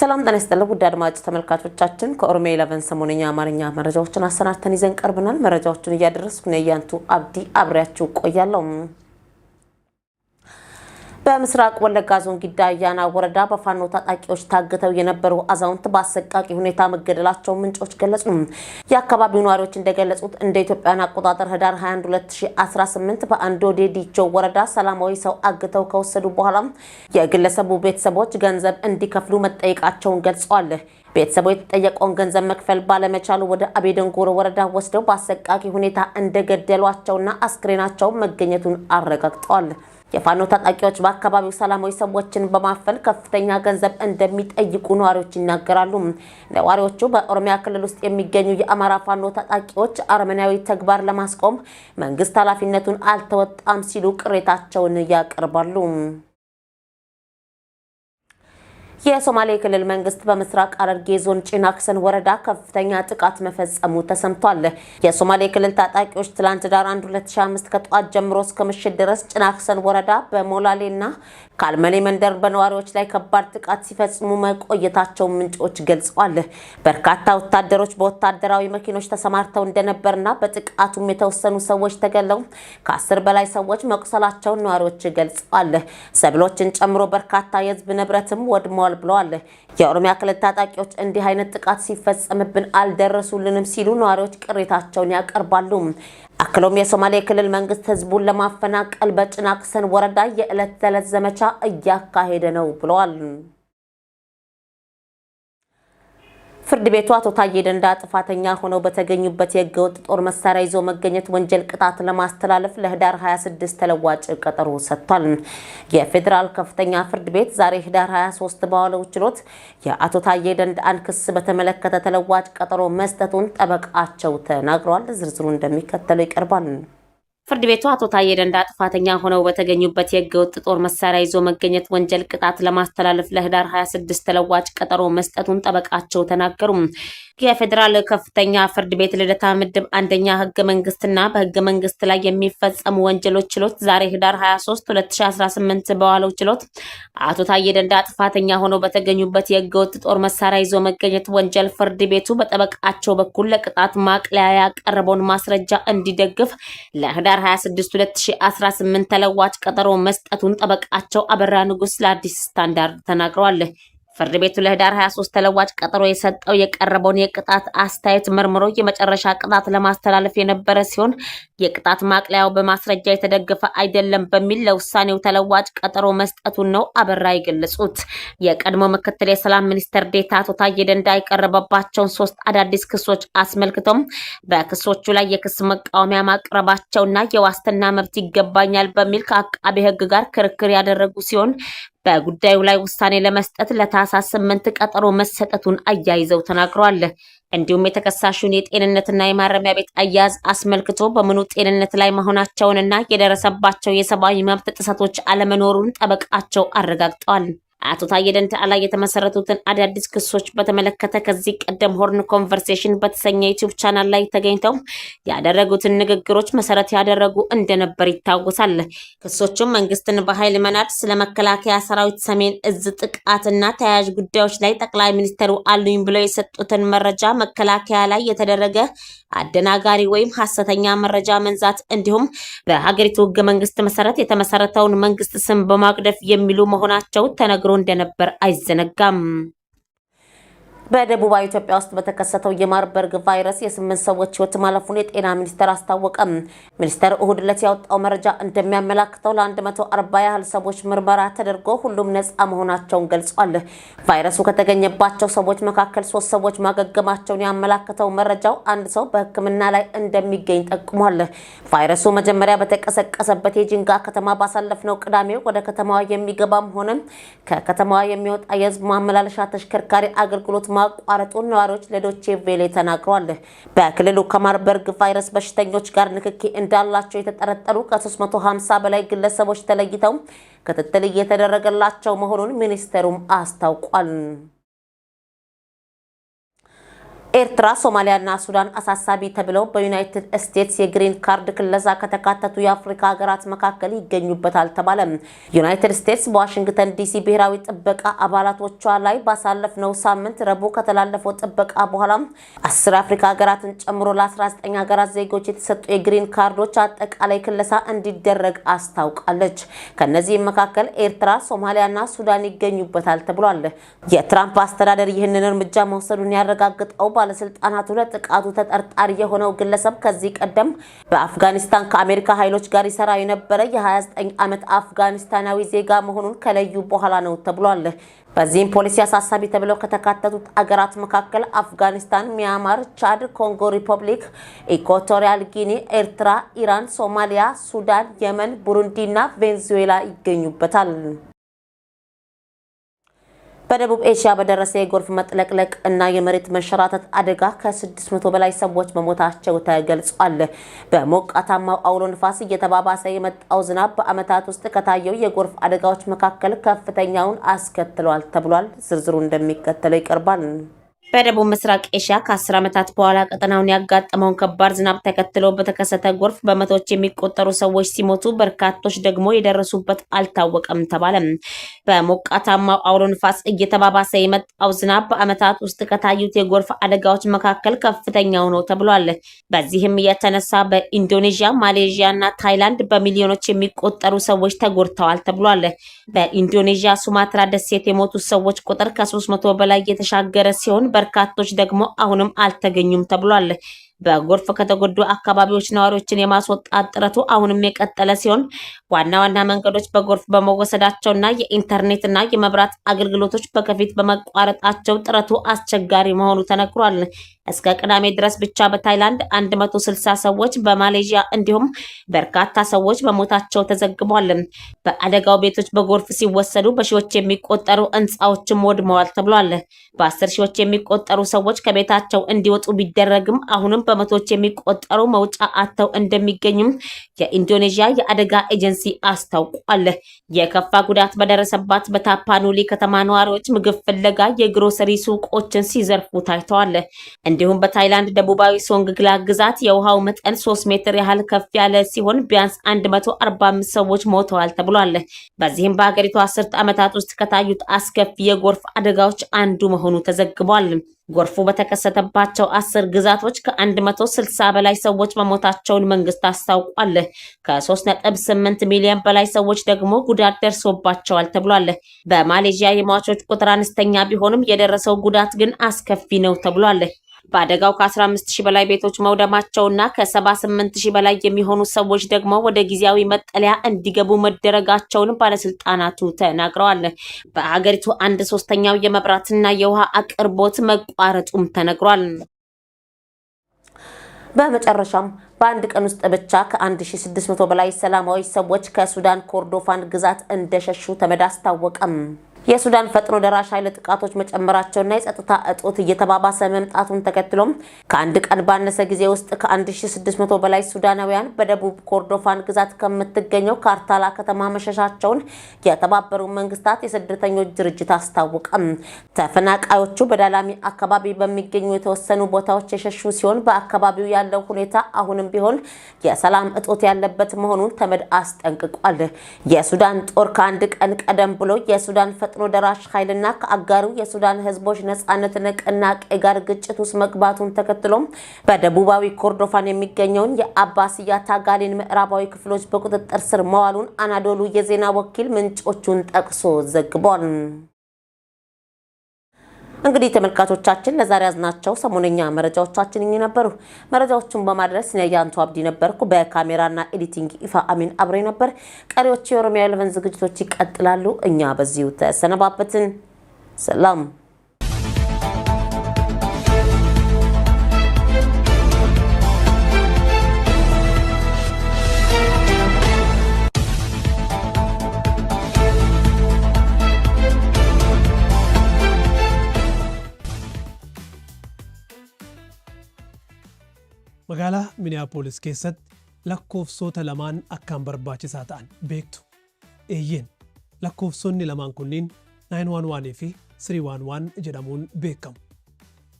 ሰላም ጤና ይስጥልኝ ውድ አድማጭ ተመልካቾቻችን፣ ከኦሮሚያ ኢለቨን ሰሞነኛ አማርኛ መረጃዎችን አሰናድተን ይዘን ቀርበናል። መረጃዎቹን እያደረስኩ ነው እያንቱ አብዲ አብሬያችሁ ቆያለሁ። በምስራቅ ወለጋ ዞን ጊዳ አያና ወረዳ በፋኖ ታጣቂዎች ታግተው የነበሩ አዛውንት በአሰቃቂ ሁኔታ መገደላቸው ምንጮች ገለጹ። የአካባቢው ነዋሪዎች እንደገለጹት እንደ ኢትዮጵያን አቆጣጠር ህዳር 21 2018 በአንዶ ዴዲቾ ወረዳ ሰላማዊ ሰው አግተው ከወሰዱ በኋላ የግለሰቡ ቤተሰቦች ገንዘብ እንዲከፍሉ መጠየቃቸውን ገልጸዋል። ቤተሰቡ የተጠየቀውን ገንዘብ መክፈል ባለመቻሉ ወደ አቤደንጎሮ ወረዳ ወስደው በአሰቃቂ ሁኔታ እንደገደሏቸውና አስክሬናቸው መገኘቱን አረጋግጠዋል። የፋኖ ታጣቂዎች በአካባቢው ሰላማዊ ሰዎችን በማፈን ከፍተኛ ገንዘብ እንደሚጠይቁ ነዋሪዎች ይናገራሉ። ነዋሪዎቹ በኦሮሚያ ክልል ውስጥ የሚገኙ የአማራ ፋኖ ታጣቂዎች አረመናዊ ተግባር ለማስቆም መንግስት ኃላፊነቱን አልተወጣም ሲሉ ቅሬታቸውን ያቀርባሉ። የሶማሌ ክልል መንግስት በምስራቅ ሐረርጌ ዞን ጭና ወረዳ ከፍተኛ ጥቃት መፈጸሙ ተሰምቷል። የሶማሌ ክልል ታጣቂዎች ትላንት ዳር 1 2005 ከጠዋት ጀምሮ እስከ ምሽት ድረስ ጭና ክሰን ወረዳ በሞላሌና ካልመሌ መንደር በነዋሪዎች ላይ ከባድ ጥቃት ሲፈጽሙ መቆየታቸውን ምንጮች ገልጸዋል። በርካታ ወታደሮች በወታደራዊ መኪኖች ተሰማርተው እንደነበርና በጥቃቱም የተወሰኑ ሰዎች ተገለው ከአስር በላይ ሰዎች መቁሰላቸውን ነዋሪዎች ገልጸዋል። ሰብሎችን ጨምሮ በርካታ የህዝብ ንብረትም ወድመዋል ተገድሏል ብለዋል። የኦሮሚያ ክልል ታጣቂዎች እንዲህ አይነት ጥቃት ሲፈጸምብን አልደረሱልንም ሲሉ ነዋሪዎች ቅሬታቸውን ያቀርባሉ። አክሎም የሶማሌ ክልል መንግስት ህዝቡን ለማፈናቀል በጭናክሰን ወረዳ የዕለት ተዕለት ዘመቻ እያካሄደ ነው ብለዋል። ፍርድ ቤቱ አቶ ታዬ ደንዳ ጥፋተኛ ሆነው በተገኙበት የህገወጥ ጦር መሳሪያ ይዞ መገኘት ወንጀል ቅጣት ለማስተላለፍ ለህዳር 26 ተለዋጭ ቀጠሮ ሰጥቷል። የፌዴራል ከፍተኛ ፍርድ ቤት ዛሬ ህዳር 23 በዋለው ችሎት የአቶ ታዬ ደንዳን ክስ በተመለከተ ተለዋጭ ቀጠሮ መስጠቱን ጠበቃቸው ተናግረዋል። ዝርዝሩ እንደሚከተለው ይቀርባል። ፍርድ ቤቱ አቶ ታዬ ደንዳ ጥፋተኛ ሆነው በተገኙበት የህገወጥ ጦር መሳሪያ ይዞ መገኘት ወንጀል ቅጣት ለማስተላለፍ ለህዳር 26 ተለዋጭ ቀጠሮ መስጠቱን ጠበቃቸው ተናገሩ። የፌዴራል ከፍተኛ ፍርድ ቤት ልደታ ምድብ አንደኛ ህገ መንግስትና በህገ መንግስት ላይ የሚፈጸሙ ወንጀሎች ችሎት ዛሬ ህዳር 23 2018 በዋለው ችሎት አቶ ታዬ ደንዳ ጥፋተኛ ሆነው በተገኙበት የህገወጥ ጦር መሳሪያ ይዞ መገኘት ወንጀል ፍርድ ቤቱ በጠበቃቸው በኩል ለቅጣት ማቅለያ ያቀረበውን ማስረጃ እንዲደግፍ ለህዳር 26 2018 ተለዋጭ ቀጠሮ መስጠቱን ጠበቃቸው አበራ ንጉስ ለአዲስ ስታንዳርድ ተናግረዋል። ፍርድ ቤቱ ለህዳር 23 ተለዋጭ ቀጠሮ የሰጠው የቀረበውን የቅጣት አስተያየት መርምሮ የመጨረሻ ቅጣት ለማስተላለፍ የነበረ ሲሆን የቅጣት ማቅለያው በማስረጃ የተደገፈ አይደለም በሚል ለውሳኔው ተለዋጭ ቀጠሮ መስጠቱን ነው አበራ የገለጹት። የቀድሞ ምክትል የሰላም ሚኒስትር ዴታ አቶ ታዬ ደንዳ የቀረበባቸውን ሶስት አዳዲስ ክሶች አስመልክቶም በክሶቹ ላይ የክስ መቃወሚያ ማቅረባቸውና የዋስትና መብት ይገባኛል በሚል ከአቃቤ ህግ ጋር ክርክር ያደረጉ ሲሆን በጉዳዩ ላይ ውሳኔ ለመስጠት ለታህሳስ ስምንት ቀጠሮ መሰጠቱን አያይዘው ተናግረዋል። እንዲሁም የተከሳሹን የጤንነትና የማረሚያ ቤት አያያዝ አስመልክቶ በምኑ ጤንነት ላይ መሆናቸውንና የደረሰባቸው የሰብአዊ መብት ጥሰቶች አለመኖሩን ጠበቃቸው አረጋግጠዋል። አቶ ታዬ ደንደዓ ላይ የተመሰረቱትን አዳዲስ ክሶች በተመለከተ ከዚህ ቀደም ሆርን ኮንቨርሴሽን በተሰኘ ዩቲዩብ ቻናል ላይ ተገኝተው ያደረጉትን ንግግሮች መሰረት ያደረጉ እንደነበር ይታወሳል። ክሶቹም መንግስትን በኃይል መናድ፣ ስለ መከላከያ ሰራዊት ሰሜን እዝ ጥቃትና ተያያዥ ጉዳዮች ላይ ጠቅላይ ሚኒስትሩ አሉኝ ብለው የሰጡትን መረጃ መከላከያ ላይ የተደረገ አደናጋሪ ወይም ሀሰተኛ መረጃ መንዛት እንዲሁም በሀገሪቱ ህገ መንግስት መሰረት የተመሰረተውን መንግስት ስም በማቅደፍ የሚሉ መሆናቸው ተነግሮ ተናግሮ እንደነበር አይዘነጋም። በደቡባዊ ኢትዮጵያ ውስጥ በተከሰተው የማርበርግ ቫይረስ የስምንት ሰዎች ህይወት ማለፉን የጤና ሚኒስቴር አስታወቀም። ሚኒስቴር እሁድ ዕለት ያወጣው መረጃ እንደሚያመላክተው ለ140 ያህል ሰዎች ምርመራ ተደርጎ ሁሉም ነፃ መሆናቸውን ገልጿል። ቫይረሱ ከተገኘባቸው ሰዎች መካከል ሶስት ሰዎች ማገገማቸውን ያመላክተው መረጃው አንድ ሰው በህክምና ላይ እንደሚገኝ ጠቁሟል። ቫይረሱ መጀመሪያ በተቀሰቀሰበት የጂንጋ ከተማ ባሳለፍነው ቅዳሜ ወደ ከተማዋ የሚገባም ሆነ ከከተማዋ የሚወጣ የህዝብ ማመላለሻ ተሽከርካሪ አገልግሎት ማቋረጡን ነዋሪዎች ለዶቼ ቬሌ ተናግረዋል። በክልሉ ከማርበርግ ቫይረስ በሽተኞች ጋር ንክኪ እንዳላቸው የተጠረጠሩ ከ350 በላይ ግለሰቦች ተለይተው ክትትል እየተደረገላቸው መሆኑን ሚኒስቴሩም አስታውቋል። ኤርትራ፣ ሶማሊያና ሱዳን አሳሳቢ ተብለው በዩናይትድ ስቴትስ የግሪን ካርድ ክለሳ ከተካተቱ የአፍሪካ ሀገራት መካከል ይገኙበታል ተባለ። ዩናይትድ ስቴትስ በዋሽንግተን ዲሲ ብሔራዊ ጥበቃ አባላቶቿ ላይ ባሳለፍነው ሳምንት ረቡዕ ከተላለፈው ጥበቃ በኋላ አስር የአፍሪካ ሀገራትን ጨምሮ ለ19 ሀገራት ዜጎች የተሰጡ የግሪን ካርዶች አጠቃላይ ክለሳ እንዲደረግ አስታውቃለች። ከእነዚህም መካከል ኤርትራ፣ ሶማሊያና ሱዳን ይገኙበታል ተብሏል። የትራምፕ አስተዳደር ይህንን እርምጃ መውሰዱን ያረጋግጠው ባለስልጣናቱ ለጥቃቱ ተጠርጣሪ የሆነው ግለሰብ ከዚህ ቀደም በአፍጋኒስታን ከአሜሪካ ኃይሎች ጋር ይሰራ የነበረ የ29 ዓመት አፍጋኒስታናዊ ዜጋ መሆኑን ከለዩ በኋላ ነው ተብሏል። በዚህም ፖሊሲ አሳሳቢ ተብለው ከተካተቱት አገራት መካከል አፍጋኒስታን፣ ሚያንማር፣ ቻድ፣ ኮንጎ ሪፐብሊክ፣ ኢኳቶሪያል ጊኒ፣ ኤርትራ፣ ኢራን፣ ሶማሊያ፣ ሱዳን፣ የመን፣ ቡሩንዲ እና ቬንዙዌላ ይገኙበታል። በደቡብ ኤሽያ በደረሰ የጎርፍ መጥለቅለቅ እና የመሬት መንሸራተት አደጋ ከ600 በላይ ሰዎች መሞታቸው ተገልጿል። በሞቃታማው አውሎ ንፋስ እየተባባሰ የመጣው ዝናብ በዓመታት ውስጥ ከታየው የጎርፍ አደጋዎች መካከል ከፍተኛውን አስከትሏል ተብሏል። ዝርዝሩ እንደሚከተለው ይቀርባል። በደቡብ ምስራቅ ኤሽያ ከአስር ዓመታት በኋላ ቀጠናውን ያጋጠመውን ከባድ ዝናብ ተከትሎ በተከሰተ ጎርፍ በመቶዎች የሚቆጠሩ ሰዎች ሲሞቱ በርካቶች ደግሞ የደረሱበት አልታወቀም ተባለም። በሞቃታማው አውሎ ንፋስ እየተባባሰ የመጣው ዝናብ በዓመታት ውስጥ ከታዩት የጎርፍ አደጋዎች መካከል ከፍተኛው ነው ተብሏል። በዚህም የተነሳ በኢንዶኔዥያ፣ ማሌዥያ እና ታይላንድ በሚሊዮኖች የሚቆጠሩ ሰዎች ተጎድተዋል ተብሏል። በኢንዶኔዥያ ሱማትራ ደሴት የሞቱ ሰዎች ቁጥር ከ300 በላይ የተሻገረ ሲሆን በርካቶች ደግሞ አሁንም አልተገኙም ተብሏል። በጎርፍ ከተጎዱ አካባቢዎች ነዋሪዎችን የማስወጣት ጥረቱ አሁንም የቀጠለ ሲሆን ዋና ዋና መንገዶች በጎርፍ በመወሰዳቸውና የኢንተርኔትና የመብራት አገልግሎቶች በከፊት በመቋረጣቸው ጥረቱ አስቸጋሪ መሆኑ ተነግሯል። እስከ ቅዳሜ ድረስ ብቻ በታይላንድ 160 ሰዎች በማሌዥያ እንዲሁም በርካታ ሰዎች በሞታቸው ተዘግቧል። በአደጋው ቤቶች በጎርፍ ሲወሰዱ በሺዎች የሚቆጠሩ ሕንፃዎችም ወድመዋል ተብሏል። በአስር ሺዎች የሚቆጠሩ ሰዎች ከቤታቸው እንዲወጡ ቢደረግም አሁንም በመቶዎች የሚቆጠሩ መውጫ አጥተው እንደሚገኙም የኢንዶኔዥያ የአደጋ ኤጀንሲ አስታውቋል። የከፋ ጉዳት በደረሰባት በታፓኑሊ ከተማ ነዋሪዎች ምግብ ፍለጋ የግሮሰሪ ሱቆችን ሲዘርፉ ታይተዋል። እንዲሁም በታይላንድ ደቡባዊ ሶንግግላ ግዛት የውሃው መጠን ሶስት ሜትር ያህል ከፍ ያለ ሲሆን ቢያንስ 145 ሰዎች ሞተዋል ተብሏል። በዚህም በሀገሪቱ አስርት ዓመታት ውስጥ ከታዩት አስከፊ የጎርፍ አደጋዎች አንዱ መሆኑ ተዘግቧል። ጎርፉ በተከሰተባቸው አስር ግዛቶች ከ160 በላይ ሰዎች መሞታቸውን መንግስት አስታውቋል። ከ3.8 ሚሊዮን በላይ ሰዎች ደግሞ ጉዳት ደርሶባቸዋል ተብሏል። በማሌዥያ የሟቾች ቁጥር አነስተኛ ቢሆንም የደረሰው ጉዳት ግን አስከፊ ነው ተብሏል። በአደጋው ከ15000 በላይ ቤቶች መውደማቸውና ከ78000 በላይ የሚሆኑ ሰዎች ደግሞ ወደ ጊዜያዊ መጠለያ እንዲገቡ መደረጋቸውን ባለስልጣናቱ ተናግረዋል። በሀገሪቱ አንድ ሶስተኛው የመብራትና የውሃ አቅርቦት መቋረጡም ተነግሯል። በመጨረሻም በአንድ ቀን ውስጥ ብቻ ከ1600 በላይ ሰላማዊ ሰዎች ከሱዳን ኮርዶፋን ግዛት እንደሸሹ ተመድ አስታወቀም። የሱዳን ፈጥኖ ደራሽ ኃይል ጥቃቶች መጨመራቸውና የጸጥታ እጦት እየተባባሰ መምጣቱን ተከትሎም ከአንድ ቀን ባነሰ ጊዜ ውስጥ ከ1600 በላይ ሱዳናውያን በደቡብ ኮርዶፋን ግዛት ከምትገኘው ካርታላ ከተማ መሸሻቸውን የተባበሩ መንግስታት የስደተኞች ድርጅት አስታወቀም። ተፈናቃዮቹ በዳላሚ አካባቢ በሚገኙ የተወሰኑ ቦታዎች የሸሹ ሲሆን በአካባቢው ያለው ሁኔታ አሁንም ቢሆን የሰላም እጦት ያለበት መሆኑን ተመድ አስጠንቅቋል። የሱዳን ጦር ከአንድ ቀን ቀደም ብሎ የሱዳን ፈጥኖ ደራሽ ኃይልና ከአጋሩ የሱዳን ህዝቦች ነጻነት ንቅናቄ ጋር ግጭት ውስጥ መግባቱን ተከትሎም በደቡባዊ ኮርዶፋን የሚገኘውን የአባስያ ታጋሌን ምዕራባዊ ክፍሎች በቁጥጥር ስር መዋሉን አናዶሉ የዜና ወኪል ምንጮቹን ጠቅሶ ዘግቧል። እንግዲህ ተመልካቾቻችን ለዛሬ ያዝናቸው ሰሞነኛ መረጃዎቻችን እኚህ ነበሩ። መረጃዎቹን በማድረስ ያንቱ አብዲ ነበርኩ። በካሜራና ኤዲቲንግ ኢፋ አሚን አብሬ ነበር። ቀሪዎች የኦሮሚያ ኤሌቨን ዝግጅቶች ይቀጥላሉ። እኛ በዚሁ ተሰነባበትን። ሰላም magaalaa miniyaapolis keessatti lakkoofsota lamaan akkaan barbaachisaa ta'an beektu. Eeyyeen lakkoofsonni lamaan kunniin 911 fi 311 jedhamuun beekamu.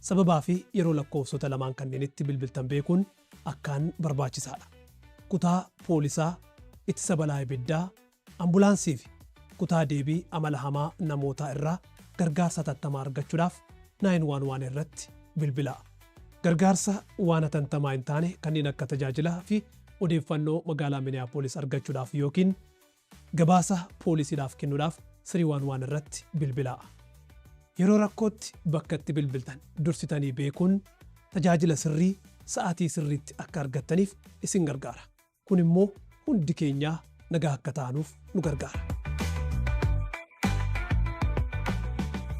Sababaa fi yeroo lakkoofsota lamaan kanneen itti bilbiltan beekuun akkaan barbaachisaadha. Kutaa poolisaa, ittisa balaa ibiddaa, ambulaansii fi kutaa deebii amala hamaa namootaa irraa gargaarsa tattamaa argachuudhaaf 911 irratti bilbilaa. gargaarsa waan hatantamaa hin taane kanneen akka tajaajilaa fi odeeffannoo magaalaa Minneapolis argachuudhaaf yookiin gabaasa poolisiidhaaf kennuudhaaf sirri waan waan irratti bilbilaa'a. Yeroo rakkootti bakka itti bilbiltan dursitanii beekuun tajaajila sirrii sa'aatii sirriitti akka argattaniif isin gargaara. Kun immoo hundi keenyaa nagaa akka taanuuf nu gargaara.